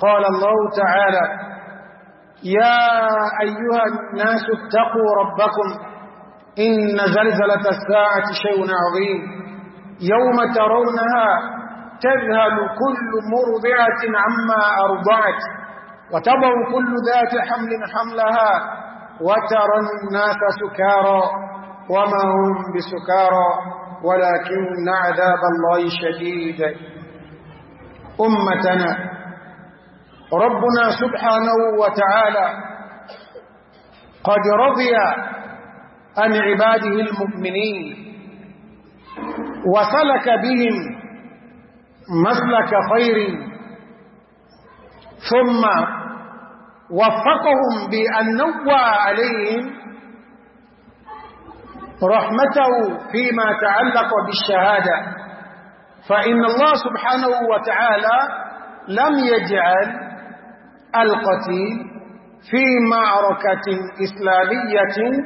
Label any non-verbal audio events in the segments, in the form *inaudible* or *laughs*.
قال الله تعالى يا أيها الناس اتقوا ربكم إن زلزلة الساعة شيء عظيم يوم ترونها تذهل كل مرضعة عما أرضعت وتضع كل ذات حمل حملها وترى الناس سكارى وما هم بسكارى ولكن عذاب الله شديد أمتنا ربنا سبحانه وتعالى قد رضي عن عباده المؤمنين وسلك بهم مسلك خير ثم وفقهم بأن نوى عليهم رحمته فيما تعلق بالشهادة فإن الله سبحانه وتعالى لم يجعل القتيل في معركة إسلامية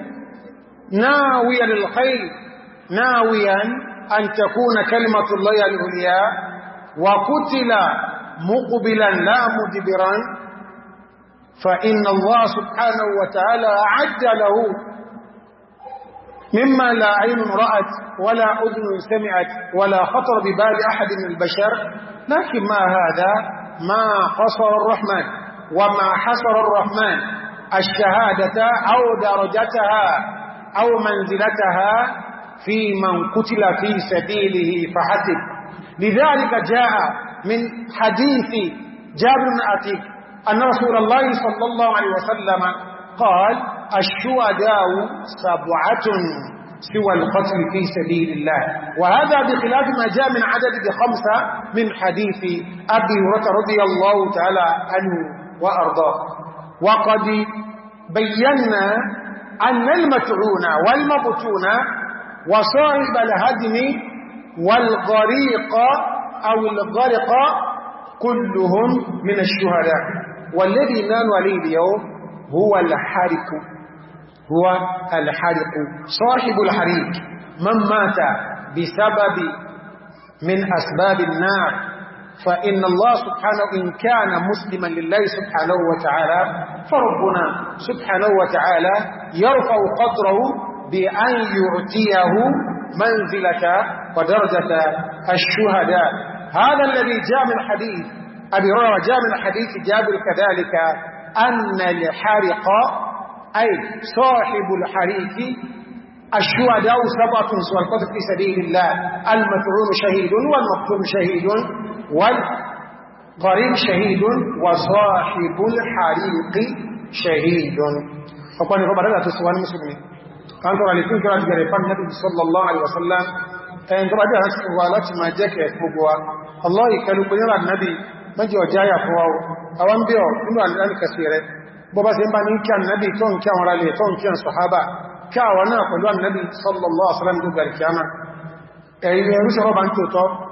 ناوية للخير ناويا أن تكون كلمة الله العليا وقتل مقبلا لا مدبرا فإن الله سبحانه وتعالى أعد له مما لا عين رأت ولا أذن سمعت ولا خطر ببال أحد من البشر لكن ما هذا ما قصر الرحمن وما حصر الرحمن الشهادة أو درجتها أو منزلتها في من قتل في سبيله فحسب لذلك جاء من حديث جابر بن أتيك أن رسول الله صلى الله عليه وسلم قال الشهداء سبعة سوى القتل في سبيل الله وهذا بخلاف ما جاء من عدد بخمسة من حديث أبي هريرة رضي الله تعالى عنه وأرضاه وقد بينا أن المتعون والمبتون وصاحب الهدم والغريق أو الغرق كلهم من الشهداء والذي نال عليه اليوم هو الحارق هو الحارق صاحب الحريق من مات بسبب من أسباب النار فإن الله سبحانه إن كان مسلما لله سبحانه وتعالى فربنا سبحانه وتعالى يرفع قدره بأن يعطيه منزلة ودرجة الشهداء هذا الذي جاء من حديث أبي هريرة جاء من حديث جابر كذلك أن الحارق أي صاحب الحريق الشهداء سبعة القتل في سبيل الله المفعول شهيد والمقتول شهيد والغريب شهيد وصاحب الحريق شهيد فقال ربنا لا تسوان مسلمين كان ترى لكل كرة جريفان النبي صلى الله عليه وسلم ẹni tó bá jẹ́ àti ìwà láti máa jẹ́ kẹ́ gbogbo wa Allah ìkẹlù pé nílà náàbì mẹ́jì ọjá yà fún wa àwọn bí ọ̀ nínú àlìkàsí rẹ̀ bọ́bá sí ń bá ní kí ànàbì tó ń kí àwọn ará lè tó ń kí àwọn sọ̀hábà kí àwọn náà pẹ̀lú ànàbì sallallahu alaihi wasallam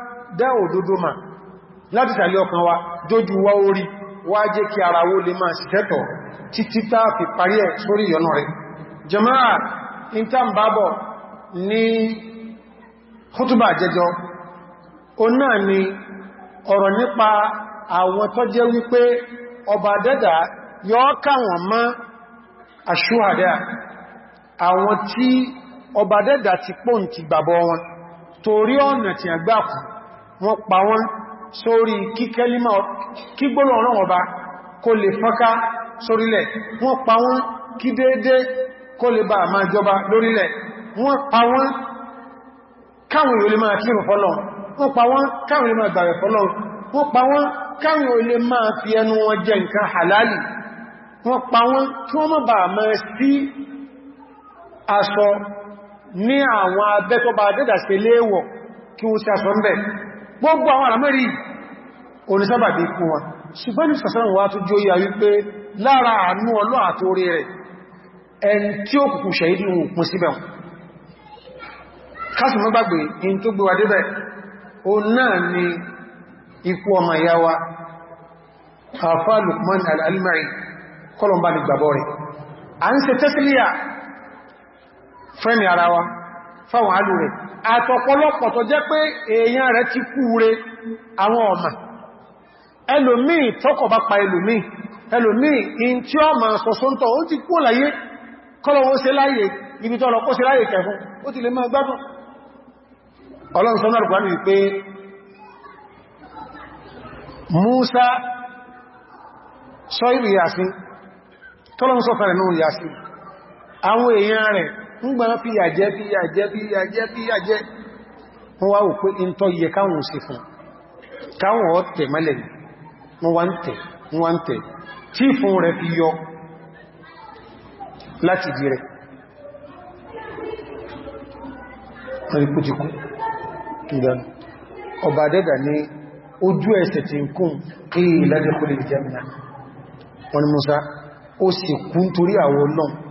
dá òdodo mà láti tàlẹ́ ọkàn wa dójú wá orí wá jẹ́ kí ara wó lè máa sìtẹ́tọ̀ títí tá fi parí ẹ̀ sórí ìyọnà rẹ̀ jama'a in tá ń bábọ̀ ní kútùbà jẹjọ o náà ni ọ̀rọ̀ nípa àwọn tó jẹ́ wípé ọba dẹ́dà yọ́ káwọn mọ́ àṣúhàdá àwọn tí ọba dẹ́dà ti pọ́n gbàbọ̀ wọn torí ọ̀nà tí àgbàkùn wọ́n pa wọ́n sórí kíkẹ́límọ̀ kígbónà ọlọ́wọ̀n bá kó lè fọ́ká sórílẹ̀ wọ́n pa wọ́n kí déédé kó lè bá máa jọba lórílẹ̀ wọ́n pa wọ́n káwọn ìwòlè máa kírùn fọ́lọ̀ wọ́n halali wọ́n pa wọ́n kí wọ́n má bà máa sí aṣọ ní àwọn abẹ́ kí wọ́n sí aṣọ ń bẹ̀ gbogbo àwọn àmẹ́rí onísábàbí ikú wọn ṣùgbọ́n ní sọ̀sán wá tó jó yà wípé lára àánú ọlọ́ àti orí rẹ̀ ẹn tí ó kùkù ṣẹ̀yìdì wọn pín síbẹ̀ kásù mọ́gbàgbé in tó gbé wa débẹ̀ o náà ni ikú ọmọ ìyá wa àfá Lukman al-Almari kọlọmbà ní gbàbọ́ rẹ̀ a ń ṣe tẹ́sílíà fẹ́ni ara wa fáwọn alú rẹ̀ àtọ̀pọ̀lọpọ̀ tó jẹ́ pé èèyàn rẹ̀ ti kú rẹ̀ àwọn ọmọ ẹlòmíì tọ́kọ̀ bá pa ẹlòmíì ẹlòmíì in tí ó ma sọ̀sọ́ntọ̀ ó ti kú láyé kọ́lọ̀wọ́ ṣe láyé ibi tọ́lọ kó ṣe láyé kẹfún ó ti lè máa gbádùn ọlọ́run sọ́nà Al-Qur'an wípé Musa sọ ìrìyàsí tọ́lọ́run sọ fẹ́rẹ̀ nínú ìyàsí àwọn èèyàn rẹ̀ ń gbọ́n fi àjẹ́ fi àjẹ́ fi àjẹ́ fi àjẹ́ wọ́n wá wò pé in tọ́ yẹ káwọn sí fún káwọn ọ̀tẹ̀ mẹ́lẹ̀ wọ́n wá ń tẹ̀ wọ́n wá ń tẹ̀ tí fún rẹ̀ fi yọ láti di rẹ̀ ọba dẹ́dà ní ojú ẹsẹ̀ tí ń kún kí ìlẹ́dẹ̀kú lè jẹ́ mìíràn wọn ni Musa ó sì kún torí àwọn náà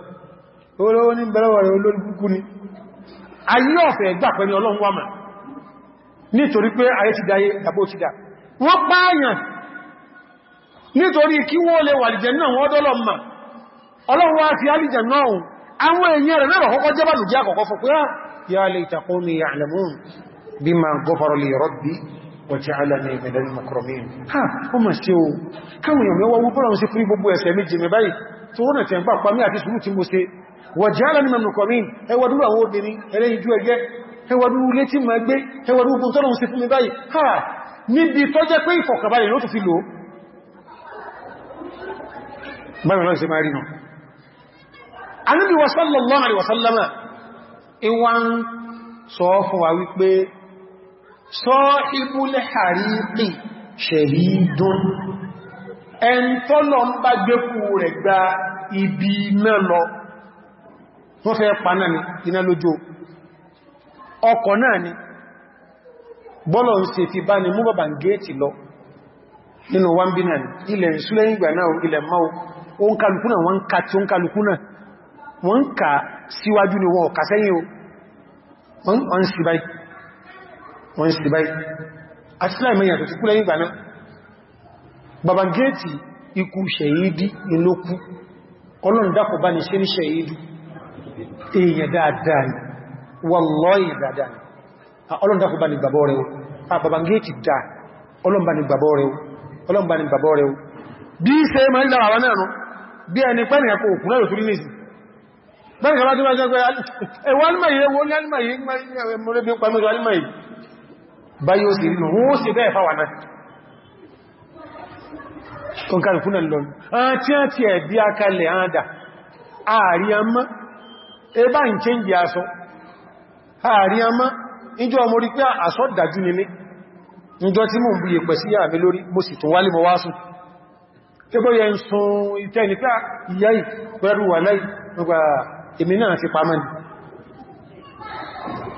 olówó ní bẹ̀rẹ̀wà rẹ̀ olóòrùkú ni ayé ọ̀fẹ́ gbà pẹ̀lú ọlọ́run wà mà nítorí pé ayé ti dáyé dàbó ti dà wọ́n pààyàn nítorí kí wọ́n lè wà lìjẹ̀ náà wọ́n dọ́lọ mà ọlọ́run wá fi alìjẹ̀ náà àwọn èèyàn rẹ̀ Bi ya layta qawmi wàtíálàní ìmìdàn mọ̀kọ̀rọ̀mìn ha o mọ̀ sí o káwọn èèyàn mẹ́wàá wúbọ́ra wọn sí fún gbogbo ẹ̀ṣẹ̀ méjì mẹ́ báyìí tó wọ́n tẹ̀ ń pàpá mí àti sùúrù tí mo ṣe wàtíálàní mọ̀kọ̀rọ̀mìn ẹwàdú àwọn obìnrin ẹlẹ́yinjú ẹgẹ́ ẹwàdú ilé tí ma gbé ẹwàdú ogun tọ́lọ̀ sí fún mi báyìí ha níbi tó jẹ́ pé ìfọ̀kàbalẹ̀ ló tún fi lò báyìí ìwọ̀n sọ fún wa wípé sọ àríkì ṣẹ̀hìdún ẹn tọ́lọ ń bá gbékú rẹ̀ lọ wọ́n fẹ́ paná ni iná lójó ọkọ̀ náà ni bọ́lọ̀ ń se ti bá ni lọ nínú wọ́n bí náà ilẹ̀ ìsúlẹ̀ ìgbà náà ilẹ̀ máa ka o wọ́n ń sìbáyì àti láìmẹ́yà tó ti lẹ́yìn ìgbàná iku ikú ṣẹ̀yìdí inókú ọlọ́ndàkọ̀ bá ní ṣe ní ṣẹ̀yìdí èèyàn dáadáa ni wallahi dáadáa ni ọlọ́ndàkọ̀ bá ní gbàbọ́ rẹ̀ babangéètì dá ní gbàbọ́ rẹ̀ ọlọ́mbà ń báyí ó sì rí wọ́n sì bẹ́ẹ̀ fáwà náà tó ń kàrùkú náà lọ́nà àti àti ẹ̀dí akalẹ̀ àádà ààrí àmá ẹbá ń kéǹgì aṣọ ààrí àmá ìjọ ọmọ orí pé aṣọ dájú nílé ìjọ tí mò ń buyè pẹ̀ sí àmì lórí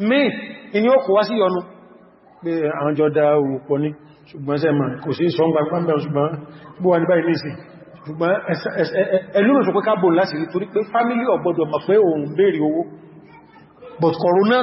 mí èyí ó kò wá sí ọnu pé àwọn jọ dá òpó ní ṣùgbọ́n sẹ́mà kò sí sọ gbogbo àmì ṣùgbọ́n bó wà ní báyìí nìsì ṣùgbọ́n ẹlúrùn tó pé kábò láti rí torí pé fámílì ọ̀gbọ́dọ̀ mọ̀ pé òun béèrè owó but kọ̀rọ̀ náà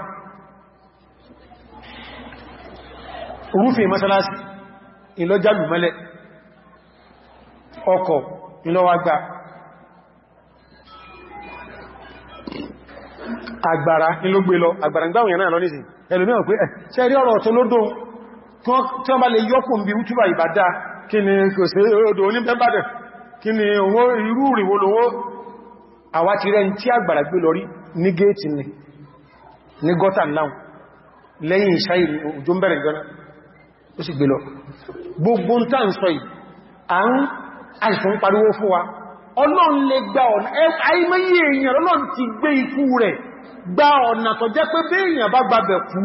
rúfin mọ́sálásí ìlọ́jálù mọ́lẹ̀ ọkọ̀ ìlọ́wàgbà agbára ìlúgbé lọ agbára gbáwọn náà lọ ní ìsìn ẹlùmí ọ̀pẹ́ eh, ẹ̀ ṣe rí ọ̀rọ̀ ọ̀tọ́ lódó tí wọ́n bá lè yọ́kùn bí útúbà ìbádá kí ni kò sí odò ni owó irú tí agbára gbé ni ní gọ́tà náà lẹ́yìn òjò ó sì gbé lọ gbogbo ń tàn sọ yìí àrùn àìsàn pariwo fún wa ọlọ́run lè gba ọ̀nà àìmọye èèyàn ọlọ́run ti gbé ikú rẹ̀ gba ọ̀nà tó jẹ́ pé bí èèyàn bá gbàbẹ̀ kú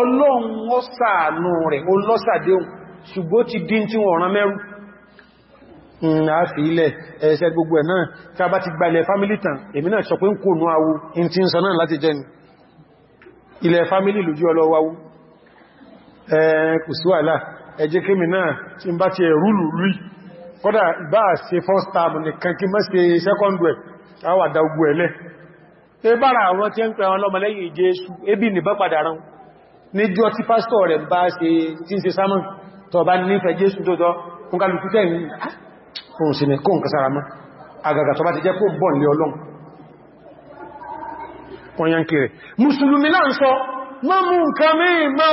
ọlọ́run ó ṣàánú rẹ̀ ó lọ́sàdéhùn ṣùgbọ́n ti dín tí wọ́n rán mẹ́rú àáfìílẹ̀ ẹ̀ṣẹ́ gbogbo ẹ̀ náà tí ilẹ̀ fámílì lójú ọlọ́wọ́ kò sí wàhálà ẹjẹ́ kémi náà tí ń bá ti rúlù rí kọ́dà bá ṣe first term nìkan kí mọ́ ṣe second way, àwọn àdá ogun ẹ̀lẹ́ ebára àwọn tí ń pẹ àwọn ọlọ́mọlẹ́yìn Jésù ebi nìbá padà rán níjọ́ tí pásítọ̀ rẹ̀ bá ṣe tí ń ṣe sámọ́n tọ́ bá nífẹ̀ẹ́ Jésù tó tọ́ kúnkálùkú ah, ni kó nǹkan sára mọ́ àgàgà tọ́ bá ti jẹ́ kó bọ̀ ní Ọlọ́run ọ̀yàn kiri mùsùlùmí náà ń sọ mọ́ mú nǹkan mí mọ́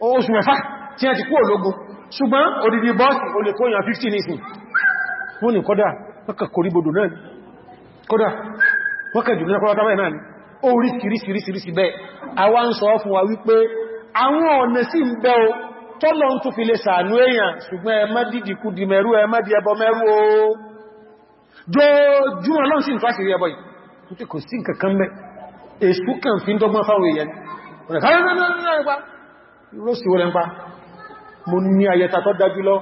oṣù mẹ́fà tí a ti kú ológun ṣùgbọ́n odidi bọ́ọ̀sì o lè kóyàn 15 nísìn wọ́n ni kọ́dá mọ́kà koríbodò náà kọ́dá mọ́kà jù náà kọ́látàbà náà ni ó rí kìrísìrísìrísì bẹ́ẹ̀ àwa ń sọ fún wa wípé àwọn ọ̀nà sí ń bẹ́ o tọ́lọ ń tó fi lè sàánú èèyàn ṣùgbọ́n ẹ má dìdì kú di mẹ́rú ẹ má di ẹbọ mẹ́rú o jọjúmọ́ lọ́n sí ìtọ́ àṣírí ẹbọ yìí tó kò sí nǹkan kan mẹ́ èṣù kàn fi ń dọ́gbọ́n fáwọn èèyàn lóṣì wọ́n lẹ́mpa mo ní ayẹta tó dájú lọ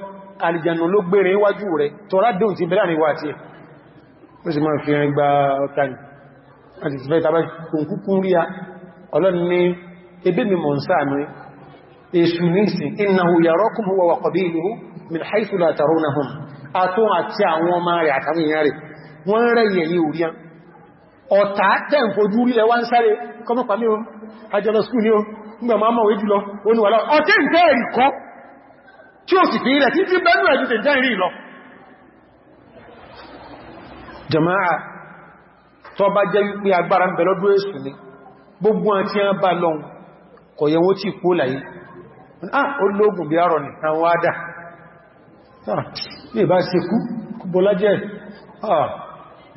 alìjànà ló gbére wájú rẹ̀ tọ́rá dùn ti bẹ́rẹ̀ àríwá àti ẹ̀ ó sì máa fi rìn gba ọkàní àti ti fẹ́ tàbí kùnkùnkùn rí a ọlọ́ni ní ebé mi mọ̀ sáàmì èṣù ní ìsìn innahu yarakum huwa wa qabiluhu min haythu la ń fojú àjọlọ skú ní o nígbà máa mọ̀ wéjú lọ ó ní wà lọ tí ó sì fi ilẹ̀ tí tí bẹ́nu ẹ̀jú tẹ̀ jẹ́ lọ jama'a tó bá jẹ́ wípé agbára ń bẹ lọ́dún èsù ni gbogbo àti ẹ bá lọ kò yẹ wó ah ológun bí arọ ní ah ní ìbá ṣe kú bọ́lá jẹ́ ah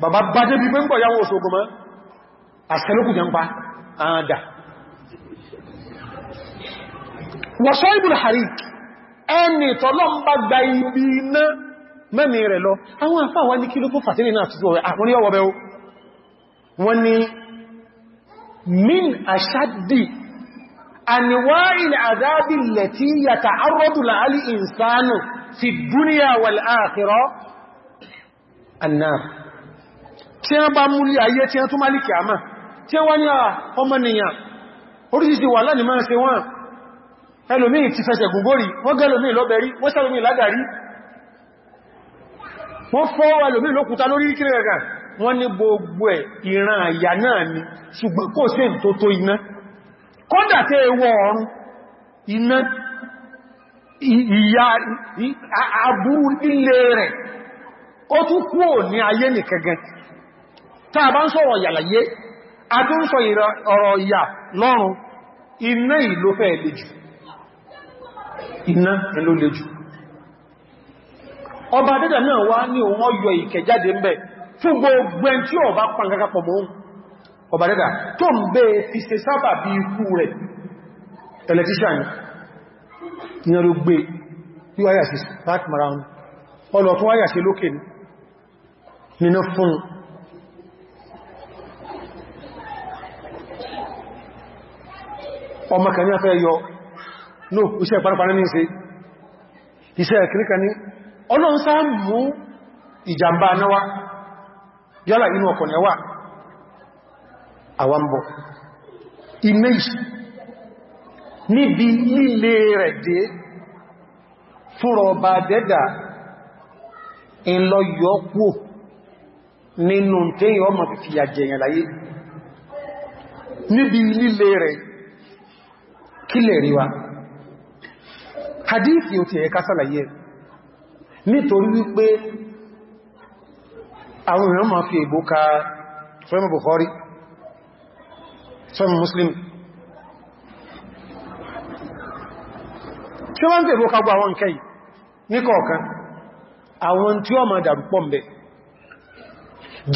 bàbá bá débi pé ń bọ̀ yáwó òṣogun mọ́ àṣẹ́lókù jẹ́ ń pa àádà wọ̀ṣọ́ ìbùn harik ẹni tọ́lọ ń bá gba ibi iná mẹ́mí rẹ̀ lọ àwọn àfáwà ní kí ló fún fàtílì náà tuntun rẹ̀ àwọn yọ́wọ́ bẹ́ẹ̀ wọ́n ni min ashaddi anwa'il azabi allati yata'arradu tí wọ́n bá múlé ayé tí wọ́n tún máa ẹlòmí ti fẹsẹ̀ gùngórí wọ́n gẹ́lòmí lọ́bẹ̀rí wọ́n sẹ́lòmí lágàrí wọ́n fọ́ ẹlòmí lókúta lórí kírí wọ́n ní gbogbo ẹ̀ ìran àyà náà ni ṣùgbọ́n kò sí tó tó iná tẹ́ iná àbúrú rẹ̀ ó tún ní ayé bá ń sọ̀rọ̀ yàlàyé ọ̀rọ̀ ìyà iná ìlófẹ́ iná ló le jù ọba dẹ́dà náà wá ní òun ọyọ ìkẹ̀ jáde ń bẹ̀ fún gbogbo ẹn tí ọba pàǹkàkàpọ̀ mọ́ ọba dẹ́dà tó ń bẹ́ fi ṣe sábà bí ikú rẹ̀ electrician ní ní afẹ́ yọ no iṣẹ́ ìparapara ní ṣe iṣẹ́ ìkìríkà ní ọlọ́run sáà mú ìjàmbá náwá yálà inú ọkọ̀ nẹ́wà àwambọ̀ image níbi líle rẹ̀ dé fúnrọ̀ ọba dẹ́dà ìlọ́yọ́kú nínú tẹ́yìn ọmọ fìyà jẹyàn láyé níbi líle rẹ̀ kílẹ̀ ríwá hadithi ò ti ẹ̀ka sálàyé nítorí wípé àwọn èèyàn máa fi ègbó ka sọ́yìn Bukhari sọ́yìn Muslim tí ó wá ń fi ègbó ka gbọ́ àwọn nkẹ́ yìí ní kọ̀ọ̀kan àwọn tí ó máa dàrú pọ̀ mbẹ̀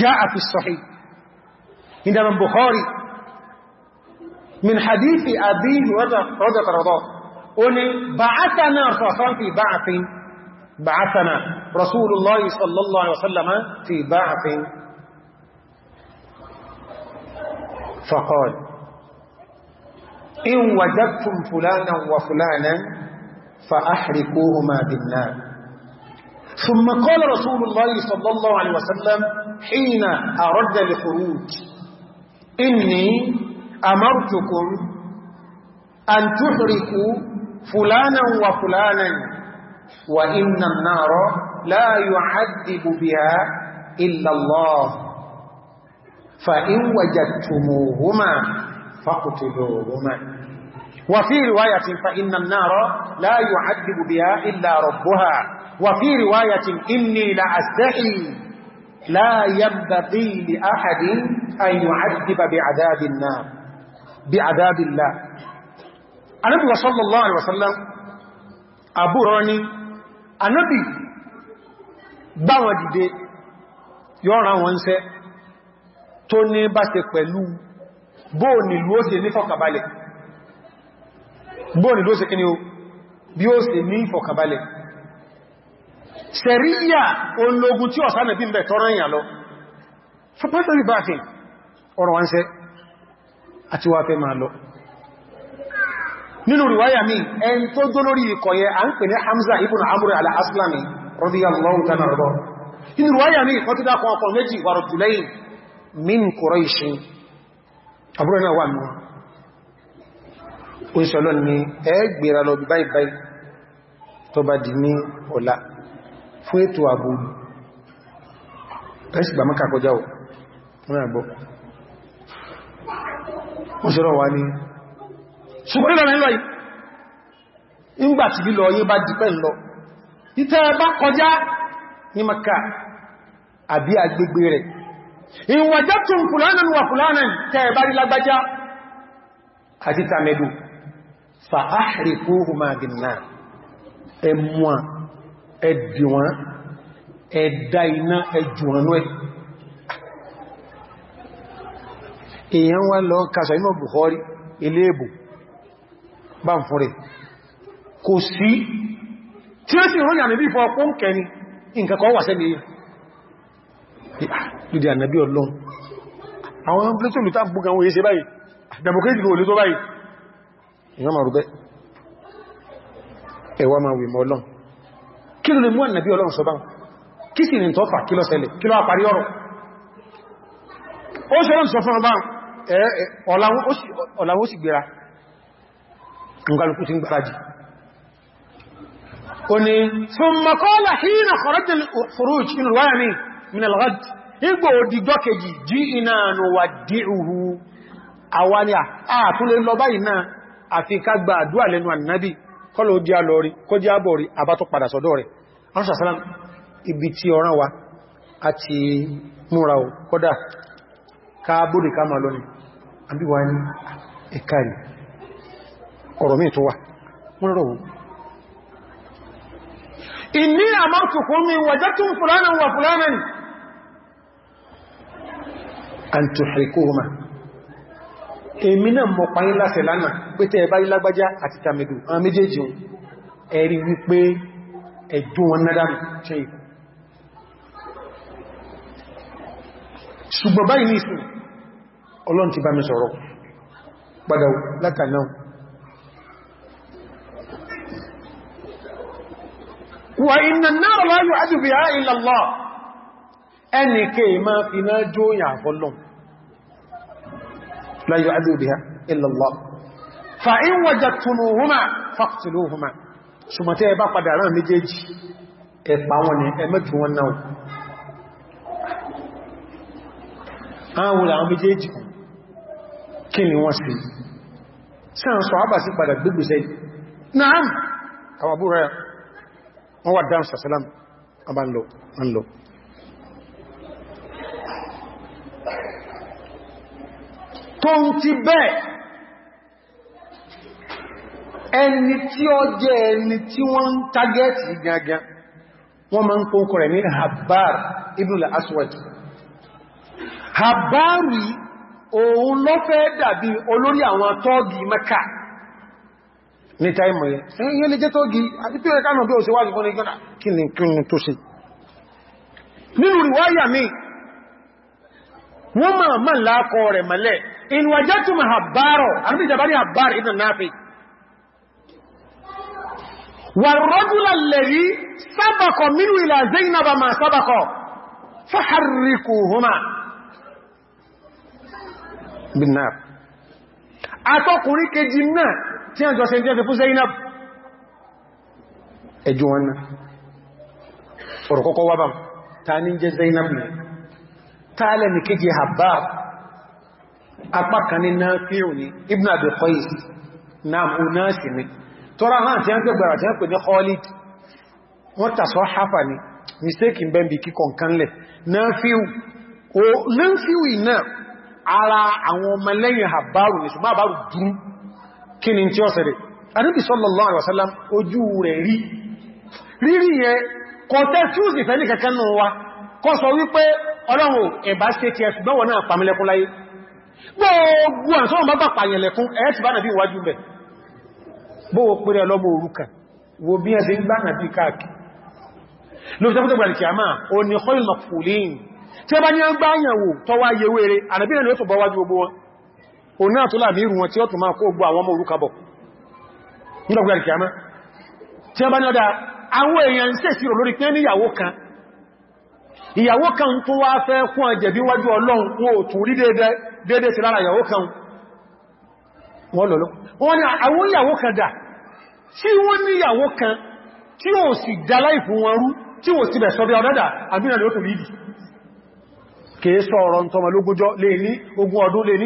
جاء في الصحيح عندما البخاري من حديث أبي رضا رضا oni ba'athana rasulullah fi ba'thin ba'athana rasulullah sallallahu alaihi wasallam fi ba'thin faqal in wajadtum fulanan wa fulanan fa ahrikuhuma bin nar ثم قال رسول الله صلى الله عليه وسلم حين أرد الخروج إني أمرتكم أن تحركوا فلانا وفلانا وإن النار لا يعذب بها إلا الله فإن وجدتموهما فاقتلوهما وفي رواية فإن النار لا يعذب بها إلا ربها وفي رواية إني لأستحي لا ينبغي لأحد أن يعذب بعذاب النار بعذاب الله anábì wa sallallahu alaihi wasallam àbúrọ ní anábì gbáwọn dìde yọ́ra wọn ṣẹ́ tó ní bá ṣe pẹ̀lú bóò nílú ó ní fọkàbalẹ̀ bóò nílú ó kí ni ó bí ó ní sẹ̀ríyà ológun tí ọ̀sánà bí tọ́rọ ìyà lọ fún pẹ́sẹ̀rí bá fi ọ̀rọ̀ wọn àti wá fẹ́ máa lọ nínú riwaya mi ẹn tó jó lórí ikọ̀ yẹ a ń pè ní Hamza ibn Amr al-Aslami radiyallahu ta'ala rọ nínú riwaya mi wọ́n ti dákọ̀ ọkọ̀ méjì wà rọ̀tùlẹ́yìn min Quraysh àbúrò náà wà mìí oṣìṣọ́lọ́ ni ẹ gbèrà lọ bí mọ́kà kọjá ò wọ́n àgbọ́ oṣìṣọ́lọ́ wà ní ṣùgbọ́n nílọrin lọ ìgbàtí lílọ yí bá dìpẹ́ lọ ìtẹ́ bá kọjá ní maka àbí agbègbè rẹ̀ ìwàjá tún fulanan wà fulanan tẹ́ bá rí lágbájá àti tàmẹ́dù fa'áhìrìkóhùmá bìnnà ẹmùwàn ẹdìwọ̀n ẹ̀dà iná ẹjùwọ̀nú ẹ̀ èèyàn wá lọ kásà inú Bukhari ilé ìbò bá ń fún rẹ̀ kò sí tí ó sì rọ́nà àmìbí fún ọpọ́ ń kẹni nǹkan kan wà sẹ́lẹ̀ lórí ànàbí ọlọ́run àwọn plato lùtà gbogbo àwọn èyẹsẹ báyìí democracy kò lè tó báyìí ìyàn máa rúgbẹ́ ẹwà máa wèmọ́ ọlọ́run kí ló lè mú ànàbí ọlọ́run sọ báwọn kí sì ní tọ́fà kí ló ṣẹlẹ̀ kí ló àparí ọ̀rọ̀ ó ṣe ọlọ́run sọ fún ọba ọ̀làwó sì gbéra nǹkalùkú ti ń gbáradì ó ní thumma qala hina kharajna al-khuruj inú wáyà ní minalghad igbó òdìgbọ́ kejì jí iná nuwaddi'uhu àwáríà àtúlé lọ báyìí náà àfi ká gba àdúà lẹ́nu ànábì kọ́lọ̀ ó jẹ́ alọ́rí kó jẹ́ àbọ̀rí àbátó padà sọ́dọ̀ rẹ̀ ọ́nṣàsálàm ibi tí ọ̀rán wa àti múra ò kọ́dà ká bóde ká máa lọ ni àbíwá ọ̀rọ̀ mi tó wà wọ́n rọ̀ wọ́n inni amartukum min wajadtum fulanan wa fulanan an tuhrikuhuma èmi náà mọ̀ pa yín láṣẹ lánàá pé tẹ́ bá ilágbájá àti tàmìdù àwọn méjèèjì ẹ̀rí wípé ẹ̀jú wọn nádàmù ṣe ikú ṣùgbọ́n báyìí ní ìsìn ọlọ́n ti bá mi sọ̀rọ̀ padà látà náà wà iná náà láyé àdúgbì ha ìlàlá ẹni kè ma fi náà jóyà fọ́lọ́n láyé àdúgbì ha ìlàlá fa in wàjá tunuhuma faqtuluhuma ṣùgbọ́tẹ́ ẹbá padà rán méjèèjì ẹ̀pà wọn ni ẹmẹ́kì wọn náà àwọn sí sáà sọ àbàsí náà àwọn wọ́n wà dáhùn sàṣẹ́lám ọba ń lọ ń lọ tó ń ti bẹ́ẹ̀ ẹni tí ó jẹ́ ẹni tí wọ́n ń tagẹ́ẹ̀tì gangan wọ́n ma ń kókò rẹ̀ ní Habbar ibn al-Aswad Habbari òun lọ́fẹ́ dàbí olórí àwọn tọ́ọ̀gì Mẹ́kà ní táìmù yẹn ẹ̀yẹn lè jẹ́ tó gí àti ẹ̀kánà bí ó ṣe wájú fún ìgbọ́nà kí ni kí ni tó ṣe nínú ríwáyà mi wọ́n máa máa lákọ rẹ̀ mẹ́lẹ̀ ìwàjẹ́ tó máa bárọ̀ ma àtọkùnrin kejì tí a jọ se jẹ́ fún Zainab ẹjọ́ wọn náà ọ̀rọ̀ kọ́kọ́ wábàm ta Zainab ní tààlẹ̀ ní Habab apákan ní náà fíò ní Ibn Abi náà mú náà sí ní tọ́rọ hàn tí a ń pẹ́ gbẹ̀rẹ̀ tí a ń pè ní wọ́n hafa ní mistake in bẹ́m̀bì kíkọ̀ ara àwọn ọmọ kí ni tí ó ṣẹlẹ̀ Ànábì sallallahu alaihi wasallam ojú rẹ̀ rí rírí yẹ kọ wa kọ sọ wípé ọlọ́run ẹ̀bá ṣe ti ẹ̀sù gbọ́wọ́ náà pàmílẹ́kún láyé gbogbo àtọ́wọ̀n bá bà pàyẹ̀lẹ̀kún ẹ̀ ti bá nàbí ìwájú bẹ̀ bóò pèrè ọlọ́mọ òrukàn wo bí ẹ̀ sí gbá nàbí káàkì lóòtọ́ pẹ́tẹ́ gbàlìkì àmà o ní kọ́ ìlọ̀pùlín tí a bá ní a gbáyàwó tọ́wá yewere ànàbí ẹ̀lẹ́tọ̀ bọ́wájú gbogbo wọn onu náà tó láàmì irun wọn tí ó tún máa kó gbọ́ àwọn ọmọ orúkabọ̀ nígbàgbà ìkìyàmá tí a bá ní ọdá àwọn èèyàn ń sèṣirò lórí pé kan ìyàwó kan tó wá fẹ́ kún àjẹ̀bí wájú Ọlọ́run wọn kan kan da kan sọ ọ̀rọ̀ lè ní ogun ọdún lè ní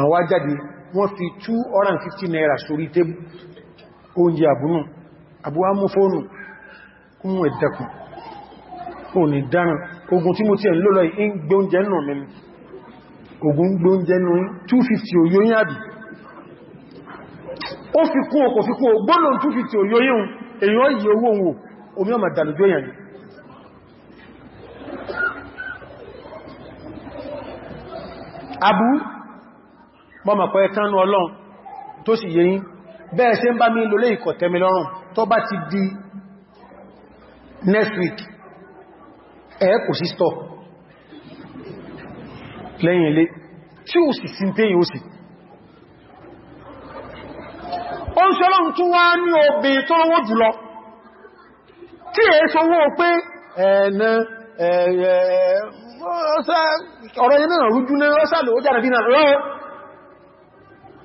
àwọn ajáde wọ́n fi 250 naira sórí tébù oúnjẹ àbúnú àbúwá mú fóònù kún ẹ̀dẹ̀kùn kò ní dáràn ogun tí mo ti ẹ̀ lọ́lọ́ in gbé oúnjẹ nù mẹ́rin ogun gbé oúnjẹ nù 250 oyóyìn àbì ó fi kún okò fi kún ogbónà 250 oyóyìn èyàn yìí owó abu mọ́mà pẹ́ kánú ọlọ́run tó sì yẹ yín bẹ́ẹ̀ ṣe ń bá mi lólé ìkọ̀tẹ́mi lọ́rùn tó bá ti di next week ẹ kò sí stọ́ lẹ́yìn ilé tí ó sì sí tẹ́yìn ó sì ó ń ṣọ́lọ́run tún wá ní obìn tó wó jùlọ tí è sọwọ́ pé ẹ̀ẹ̀nà ọ̀rọ̀ yẹn rújú náà rọ́sàlò ó jára bí náà rọ́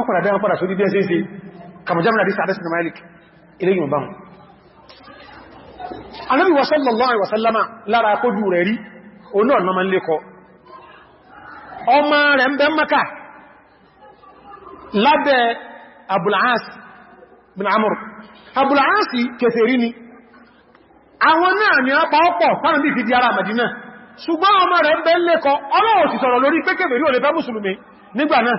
ọkùnrin àdáwọn padà sórí bí ẹ ṣe kàmùjámìnà àdísà àdísà na malik ilé yìí bá wọn anábi wasallallahu alaihi wasallama lára akójú rẹ̀ rí oní ọ̀nà ma ń lékọ ọmọ rẹ̀ ń bẹ maka lábẹ́ abúláhás bin amur abúláhás kèfèrí ni àwọn náà ni ọpa ọpọ̀ fánà bí fìdí ara madina ṣùgbọ́n ọmọ rẹ̀ ń bẹ lékọ ọlọ́wọ̀ sì sọ̀rọ̀ lórí pé kèfèrí ò lè fẹ́ mùsùlùmí nígbà náà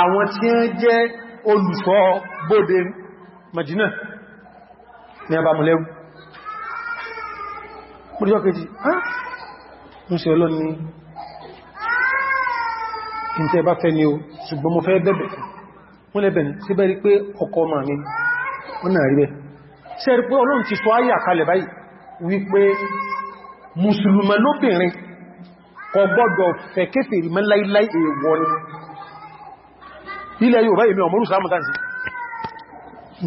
àwọn tí ń jẹ́ olùṣọ́ bóde Madina ní ọba mọ̀lẹ́wù pọ̀lọ́jọ́ kejì ń ṣe ọlọ́ ní ìntẹ́ bá fẹ́ ni o ṣùgbọ́n mo fẹ́ bẹ̀bẹ̀ wọ́n lẹ́bẹ̀ ní sí bẹ́rí pé ọkọ ọmọ mi wọ́n náà rí bẹ́ ṣe rí pé Ọlọ́run ti sọ ayé àkalẹ̀ báyìí wípé mùsùlùmí lóbìnrin kò gbọ́dọ̀ fẹ́ kéfèrí mọ́ èèwọ̀ ni ilẹ̀ yóò báyìí mẹ́wọ̀n mọ́rún sáàmù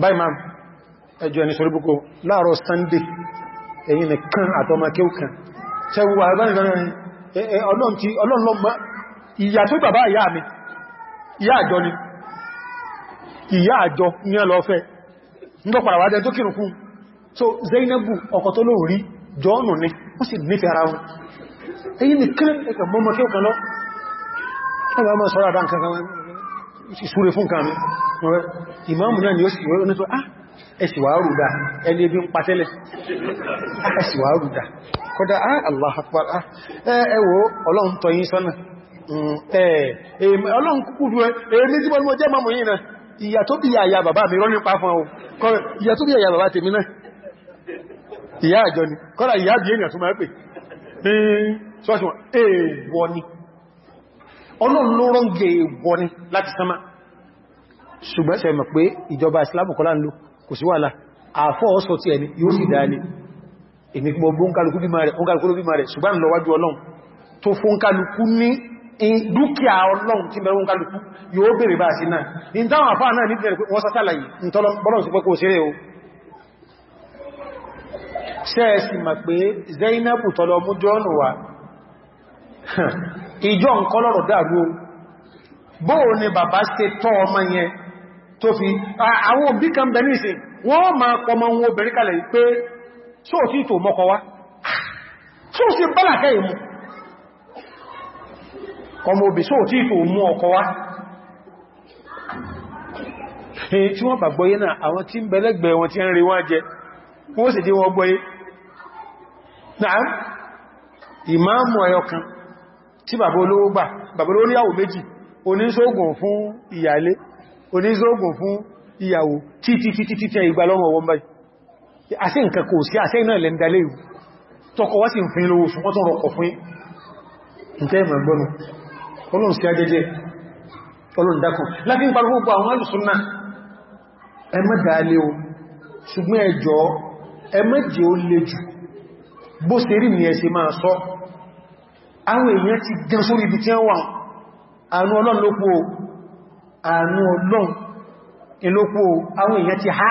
báyìí máa ẹjọ́ ẹni sọ̀rọ̀ púpọ̀ láàárọ̀ sunday ẹ̀yìn nìkan àtọmà kéwùkan tẹ́wùwà ẹgbẹ́rin so Zainabu ọkọ tó lóòrí jọ́ọ̀nù ni ó sì nífẹ̀ẹ́ ara wọn èyí nìkan ẹgbẹ̀ ìsúre fún kan ìmáàmù náà ni ó sì wọ́n ní tó ah, á ẹ̀sìwà rúdá ẹni ebi ń patẹ́lẹ̀ ah, ẹ̀sìwà rúdá kọ́dá á ah, Allah akbar ẹwọ́ ọlọ́run tọ́ yín sọ́nà hmm, ọlọ́run kúkú dúró èmi tí wọ́n mọ́ jẹ́ máàmù yìí náà ìyà tó bí àyà bàbá mi rọ́ nípa fún ọ ìyà tó bí àyà bàbá tèmi náà ìyà àjọ ni kọ́dá ìyà bí èèyàn tó máa pè ní ṣọ́ṣùn ọlọ́run ló rọ́ngẹ̀ èèwọ̀ ni láti sánmà ṣùgbọ́n ṣe islam kọ́lá ń lò kò sí wàhálà àfọ́ ọ̀sọ̀ tí ẹni yóò sì dáa ni èmi pọ̀ bóńkálukú bí ma rẹ̀ ṣùgbọ́n lọ wájú ọlọ́run tó fóńkálukú ní dúkìá ọlọ́run tí bẹ̀rẹ̀ fóńkálukú yóò bèèrè bá sí náà in táwọn àfáà náà nígbẹ̀rẹ̀ pé wọ́n sátàlàyé ìtọ́lọ́bọ́lọ́ wa ìjọ nǹkan lọ́rọ̀ dàrú bóò ni bàbá ṣe tọ́ ọmọ yẹn tó fi àwọn òbí kan si wọ́n máa pọmọ wọn obìnrin kalẹ̀ pé sóò tí tò mọ́kọ wá ìmú ọmọ obì sóò tí ọkọ wá èyí tí wọ́n náà àwọn tí ń wọn ń rí wọ́n jẹ tí bàbá olówó gbà bàbá olówó níyàwó méjì oníṣògùn fún ìyálé oníṣògùn fún ìyàwó títí títí títí ìgbà lọ́wọ́ wọn báyìí àṣẹ nǹkan kò sí àṣẹ iná ilẹ̀ ń dalé ìwò tọkọ wá sí ń fi lówó fún ọtún rọkọ̀ fún ìtẹ́ ìmọ̀ gbọ́nù ọlọ́run sí ajẹ́jẹ́ bó ṣe rí ni ẹ máa sọ àwọn èèyàn ti gan sórí ibi tí wọ́n àánú ọlọ́run ló pọ̀ àánú ọlọ́run ìlópò àwọn èèyàn ti ha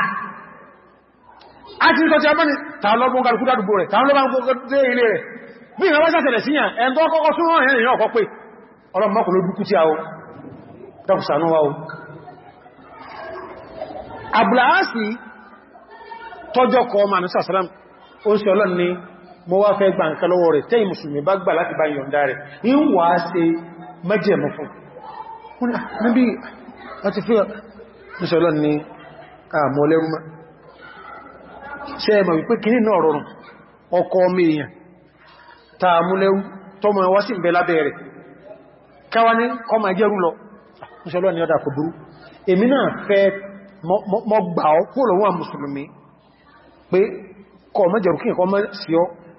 a ti tọ́ ti abẹ́ni tààlọ́gbọ́n galùkú dádùgbò rẹ̀ tààlọ́gbọ́n gbogbo dé ilé rẹ̀ bí ìrànwọ́ sàtẹ̀lẹ̀ síyàn ẹ̀ntọ́ ọkọ́kọ́ tún rán ẹ̀yìn ọkọ̀ pé ọlọ́mọ́kù ló dúkú tí a ó dákùsànú wa ó abúláásì tọ́jọ́ kọ ọmọ ọlọ́ni mo wá fẹ́ gba nǹkan lọ́wọ́ rẹ̀ tẹ́ ìmùsùlùmí bá gbà láti bá yọ̀ǹda rẹ̀ in wà á ṣe mẹ́jẹ̀mọ́ fún níbi àti fíọ́ ìṣọ́lọ́ ni àmọ́ lẹ́rúmá ṣe ẹ̀mọ̀ wípé kìí náà rọrùn ọkọ̀ ọmọ èèyàn tààmúlẹ́rú tọ́mọ wá sí ìbẹ̀ lábẹ́ rẹ̀ káwá ní kọ̀ mẹ́jẹ̀rú kí nǹkan sí ọ́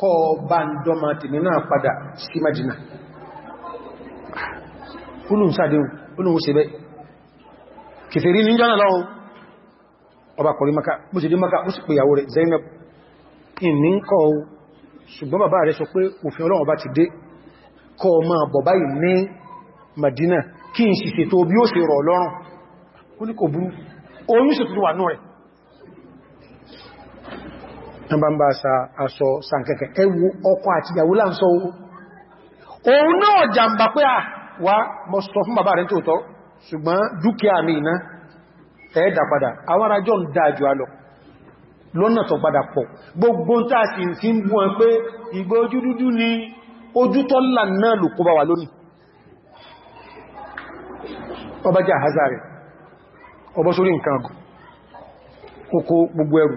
kọ bá ń dọ́mà tèmi náà padà sí Madina olùn sáàdéhùn olùn ṣe bẹ́ kèfèrí ní jọ́nà lọ́wọ́ ọba kọ̀rí maka bó ṣe dé maka ó sì pè yàwó rẹ̀ Zainab ìní ń kọ́ ṣùgbọ́n bàbá rẹ̀ sọ pé òfin Ọlọ́run ọba ti dé kọ́ máa bọ̀ báyìí ní Madina kí n sì ṣètò bí ó ṣe rọ̀ lọ́rùn ó ní kò burú oyún ṣètò wà náà rẹ̀ tán bá ń bá sa aṣọ sànkẹ́kẹ́ ẹwu ọkọ àti ìyàwó láǹsọ òun náà jàmbá pé à wá mọ́ sọ fún bàbá rẹ̀ tóòtọ́ ṣùgbọ́n dúkìá mi iná ẹ̀ẹ́dà padà àwọn arajọ́ ń dájú alọ lọ́nà tó padà pọ̀ gbogbo tá ni ojú tó là náà lò kó bá wà lónìí ọba jẹ́ àházà gbogbo ẹrù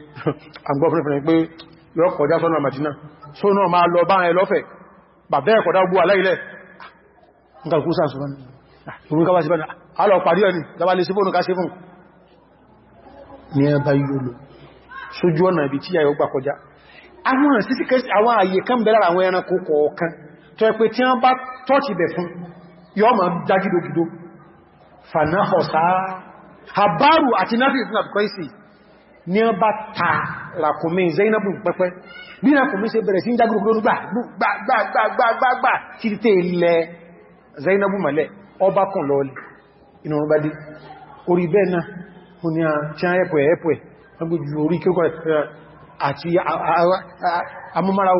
àgbọ́fẹ́fẹ́ pé yọ kọjá sọ́nà Madina so náà máa lọ bá ẹ lọ́fẹ̀ bàbẹ́ ẹ̀kọ̀dá gbó aláìlẹ̀ nǹkan kú sáàsù wọn ṣùgbọ́n ká bá sí bá ní àlọ́ pàdé ẹni gábà lè sí fóònù ká sí fún ní ẹbá yóò sójú ọ̀nà ibi tí yàyọ gbà kọjá àwọn sísí kẹsì àwọn àyè kan bẹ̀rẹ̀ àwọn ẹranko kọ̀ọ̀kan tó ẹ pé tí wọ́n bá tọ́ọ̀tì bẹ̀ fún yọ́ ma dágídógídó fanáhọ̀sá àbárù àti náfíìsì náà kọ́ ìsìn ní ọ bá ta ràkùnmí Zainabu pẹ́pẹ́ bí ràkùnmí se bẹ̀rẹ̀ sí ń gbogbo gba gba kí ti tẹ́ ilẹ̀ Zainabu mọ̀lẹ̀ ọba kan lọ́ọ̀lẹ̀ inú ọba dé orí bẹ́ẹ̀ náà mú ní a àti amúmárao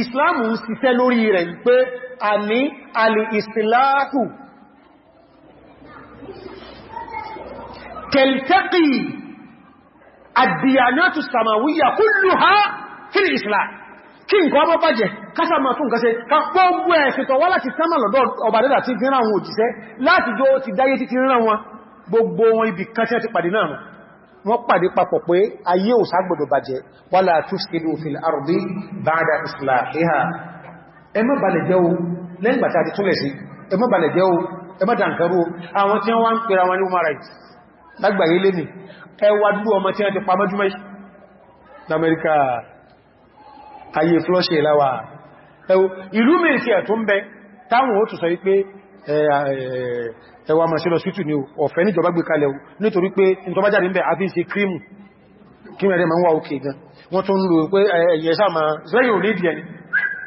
ìsìláàmù ń ṣiṣẹ́ lórí rẹ̀ pé a ní alì ìsìláàkù tẹ̀lẹ̀tẹ̀kì àdìyànátù sàmàwíyà kúlù ha fíl ìsìláà kí nǹkan ọmọ bàjẹ́ kásà máa tún kẹsẹ̀ ká gbogbo ẹ̀ṣẹ̀tọ̀ wá láti sánmà lọ́dọ̀ ọba dẹ́dà tí fi ránwọ̀n òjìṣẹ́ láti jọ ti dáyé ti fi ránwọ̀n gbogbo wọn ibi kan ti pàdé náà wọ́n pàdé papọ̀ pé ayé ò ságbọ̀dọ̀ bàjẹ́ wala tufsidu fil ardi ba'da islahiha ẹ má balẹ̀ jẹ́ o lẹ́yìn gbàtà àti túnlẹ̀ sí ẹ má balẹ̀ jẹ́ o ẹ má dànkarú àwọn tí wọ́n ń pèrà wọn ní human rights lágbàáyé lé ní ẹwà ẹwà mọ̀sílọ̀ sítù ni ọ̀fẹ́ níjọba gbé kalẹ̀ nítorí pé ìjọba jáde ń bẹ̀ àfi ṣe krímù kí mẹ́rẹ̀ máa ń wà òkè gan wọ́n tún lò pé ẹ̀yẹ sáàmà zẹ́yìn ò nídìí ẹni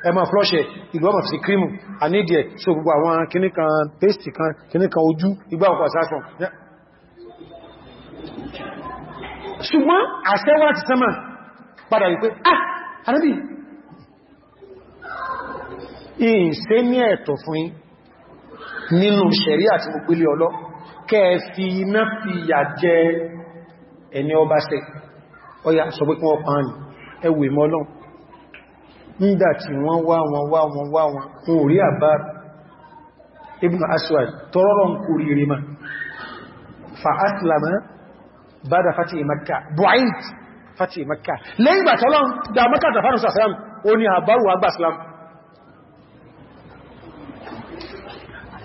ẹmọ flọ́ṣẹ̀ ìlú ọmọ fi krímù ànídìí so gbogbo àwọn kìníkan pẹ́sì kan kìníkan ojú igbá ọkọ̀ ah, ní ẹ̀tọ̀ fún nínú ṣẹ̀rí àti gbogbo ọlọ́ kẹfì iná fi yà jẹ ẹni ọba sẹ ọya sọ pé kí wọ́n pa ní ẹwù ìmọ́lọ́n nígbà tí wọ́n wá wọn wá wọn wá wọn kún orí àbá ibn aswad tọrọrọ ń kú rírí ma fa aslama bada fati makka bu'ait fati makka lẹ́yìn gbà tọ́lọ́n dá makka tàfánà sàsàrán ó ní àbárù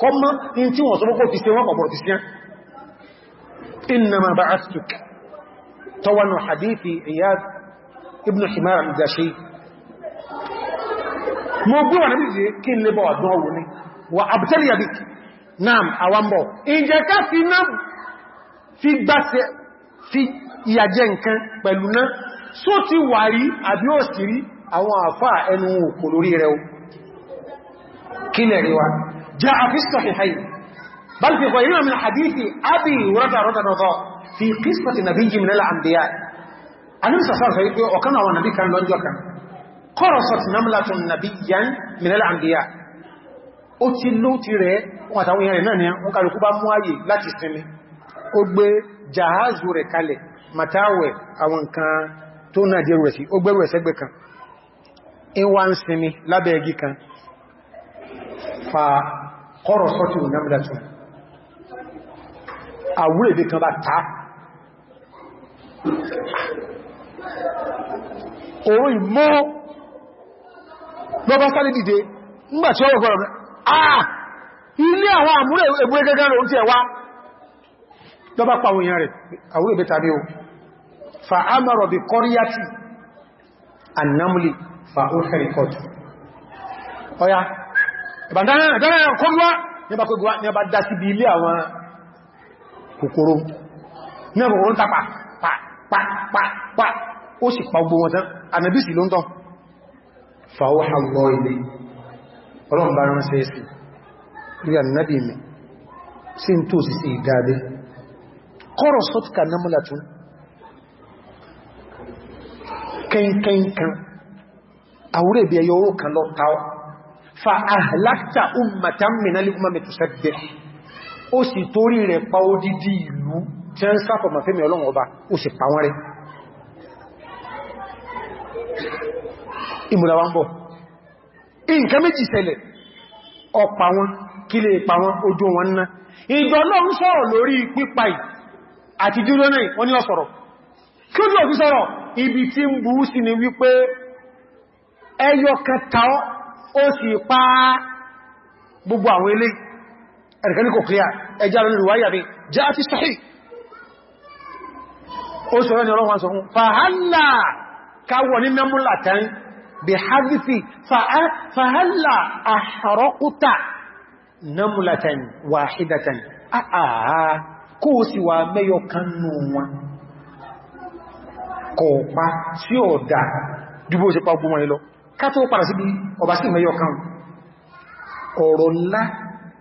kọmọ́ in tí wọ́n sọ́bọ́kọ́ ti ṣe wọ́n pọ̀pọ̀ ti ṣe innama ba'athtuk tọwọ́nà hadithi Iyad ibn Himar al-Dashi mo gbé wà níbi kí n lébọ̀ àdán owó ní wà abtali yabik naam àwambọ̀ ìjẹ́ká fi ná fi gbáṣẹ́ fi ìyàjẹ́ nǹkan pẹ̀lú náà wà rí àbí ó kí lẹ̀rí جاء في الصحيحين بل في غيرها من حديث أبي ورد رضا رضا في قصة نبي من الأنبياء أنا صار سيدي وكان هو النبي كان لن يكن قرصت نملة نبيا من الأنبياء أتلو تيري وتوين ينانيا وقالوا كبا مواي لا تستمي. أقبى جهاز ركالي متاوي أوان كان تونا جيروسي أقبى وسيقبى كان إن وان لا بيجي كان Fa sọ́tí onamdatun àwúrẹ̀ bí kan bá ta òun ìmọ́ lọ́bá sáré dìde nígbà tí ó gọ́rọ̀ àà ah, ilé àwọn àmúrẹ̀ ọhụrụ gẹ́gẹ́ rẹ̀ oúnjẹ wá lọ́bá rẹ̀ o fa amọ̀rọ̀ bí kọ́ríyàtì fa ó ní ọba dá sí ilé àwọn kòkòrò ní ọba wọn tapa pàpàpàpà ó sì pa ogbò wọn tán ànàbísì ló ń tọ́ fàwọ́hà lọ ilé ọlọ́mbà ránṣẹ́ sí rí ànàbí mi sí ń tó sí ìdáadé kọ́rọ̀ sọ́tíkà námúlà tún kẹ́kẹ́kẹ́ àwúrẹ́bẹ̀ yọ fa'ahlakta ummatan min al-umam tusabbih ó sì tori rẹ̀ pa odidi ìlú tí ń sáfọ̀ ma fẹ́mi ọlọ́run ọba ó sì pa wọ́n rẹ̀ ìmúra wá ń bọ̀ nǹkan méjì ṣẹlẹ̀ ọpa wọn kí lè pa wọn ojú wọn ná ìjọ lọ́run sọ̀rọ̀ lórí pípa àti dúró náà wọ́n ní ó sọ̀rọ̀ kí ó lọ́run sọ̀rọ̀ ibi tí ń burú sí ni wípé ẹyọ kẹta ó sì pa gbogbo àwọn ilé ẹ̀rẹ̀kẹ́ ní kò kíyà ẹjá lórí ìwáyà rí já ti sọ́hì ó sọ̀rọ̀ ní ọlọ́wọ́n sọ fún fàhálà káwọ̀ ní mẹ́múlà tẹ́rin bí hadithi fàhálà àṣàrọ́kúta námúlà tẹ́rin wà mẹ́yọ kátó padà síbi ọba sí mẹ́yọ kan ọ̀rọ̀ ńlá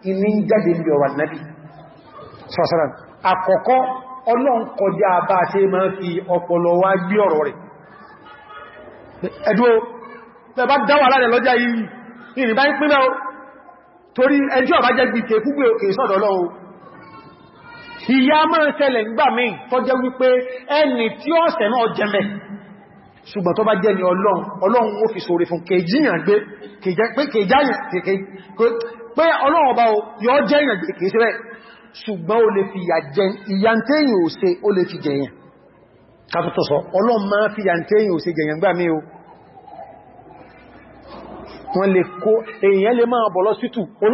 iní jáde ibi ọ̀rọ̀ ànábì sọ́sọ́rọ̀ àkọ́kọ́ ọlọ́n kọjá bá ṣe máa fi ọpọlọ wá gbé ọ̀rọ̀ rẹ̀ ẹ̀dùn tẹ bá dáwà láàrẹ lọ́já yìí ìrìn bá ń pínlẹ̀ o torí ẹjọ́ bá jẹ́ gbìtẹ̀ ṣùgbọ́n tó bá jẹ́ ni ọlọ́run ọlọ́run ó fi ṣoore fún kèjìyàn gbé pé ọlọ́run ọba yọ jẹ́ ìyàn gbé kèjì rẹ̀ ṣùgbọ́n ó lè fi ìyàntẹ́yìn ò ṣe ó lè fi jẹyàn kàtọ̀tọ̀ sọ ọlọ́run máa fi ìyàntẹ́yìn ò ṣe jẹyàn gbà mí o wọ́n lè kó èèyàn lè máa bọ̀ lọ sítù ah,